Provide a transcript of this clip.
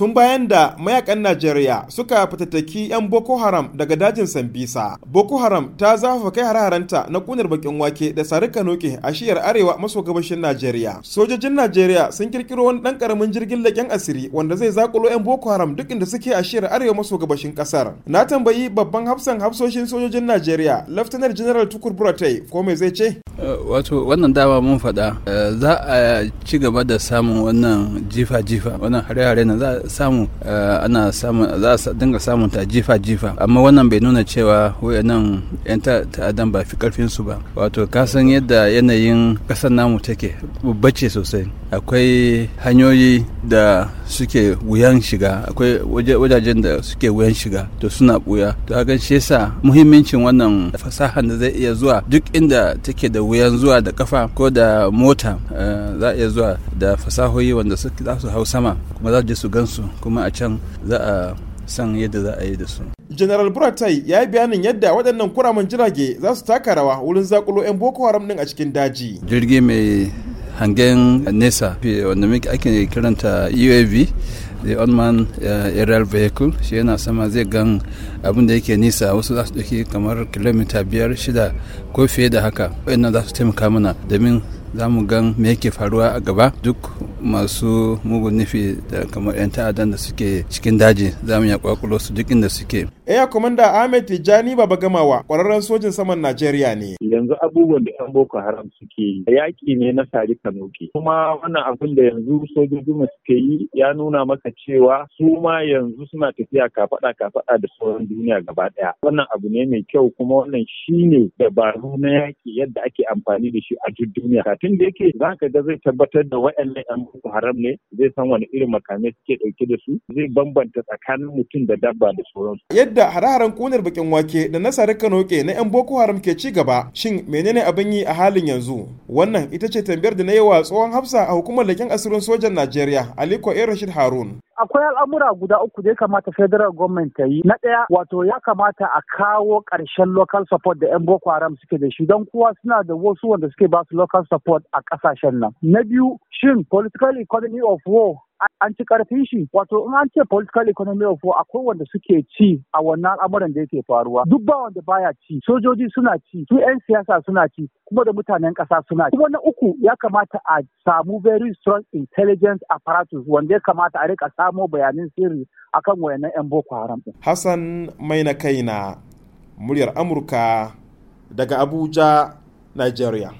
tun bayan da mayakan najeriya suka fitattaki 'yan boko haram daga dajin sambisa boko haram ta zafafa kai hare-harenta na kunar bakin wake da sarika noke a shiyar arewa maso gabashin najeriya sojojin najeriya sun kirkiro wani dan karamin jirgin laƙen asiri wanda zai zakulo 'yan boko haram duk inda suke a shiyar arewa maso gabashin kasar na tambayi babban hafsan hafsoshin sojojin najeriya laftanar general tukur buratai ko mai zai ce wato wannan dama mun faɗa eh, za a ci gaba da samun wannan jifa-jifa wannan hare-hare na za a samu eh, ana samun za a dinga samun ta jifa-jifa amma wannan bai nuna cewa wayannan yan ta'adan ba fi karfin su ba wato ka san yadda yanayin kasar namu take babbace sosai akwai hanyoyi da suke wuyan shiga akwai wajajen da suke wuyan shiga to suna buya to hakan shi yasa muhimmancin wannan fasahan da zai iya zuwa duk inda take da wuya wuyan zuwa da kafa ko da mota eh, za a iya zuwa da fasahoyi wanda za su hau sama kuma za su gansu kuma a can za a san yadda za a yi da su. General Buratai ya yi bayanin yadda waɗannan kuramin jirage za su taka rawa wurin zakulo 'yan Boko Haram ɗin a cikin daji. Jirgi mai hangen nesa wanda ake kiranta UAV e the unman uh, aerial vehicle shi yana sama zai gan abin da yake nisa wasu za su ɗauki kamar kilomita biyar shida ko fiye da haka waɗannan za su taimaka mana domin za mu gan me yake faruwa a gaba duk masu mugun nufi da kamar 'yan ta'addan da suke cikin daji za mu ya su duk inda suke Eya Komanda Ahmed Tijjani Baba Gamawa ƙwararren sojin saman Najeriya ne. Yanzu abubuwan da 'yan Boko Haram suke yi yaƙi ne na sari kanoke. Kuma wannan abin da yanzu sojojin mu suke yi ya nuna maka cewa su ma yanzu suna tafiya kafaɗa kafaɗa da sauran duniya gaba ɗaya. Wannan abu ne mai kyau kuma wannan shi ne dabaru na yaƙi yadda ake amfani da shi a duk duniya. Katin da yake za ka ga zai tabbatar da waɗannan 'yan Boko Haram ne zai san wani irin makamai suke ɗauke da su zai bambanta tsakanin mutum da dabba da sauransu. Yadda da hare-haren kunar bakin wake da na sare noke na 'yan boko haram ke ci gaba shin menene abin yi a halin yanzu wannan ita ce tambayar da na yi wa tsohon hafsa a hukumar lakin asirin sojan najeriya aliko a rashid harun akwai al'amura guda uku da ya kamata federal government ta yi na ɗaya wato ya kamata a kawo ƙarshen local support da 'yan boko haram suke da shi don kowa suna da wasu wanda suke ba su local support a ƙasashen nan na biyu shin political economy of war an ci karfin shi wato in an ce political economy of war akwai wanda suke ci a wannan al'amuran da yake faruwa duk ba wanda baya ci sojoji suna ci su 'yan siyasa suna ci kuma da mutanen ƙasa suna ci kuma na uku ya kamata a samu very strong intelligence apparatus wanda ya kamata a rika samo bayanan sirri akan wayannan 'yan boko haram hassan mai na kaina muryar amurka daga abuja nigeria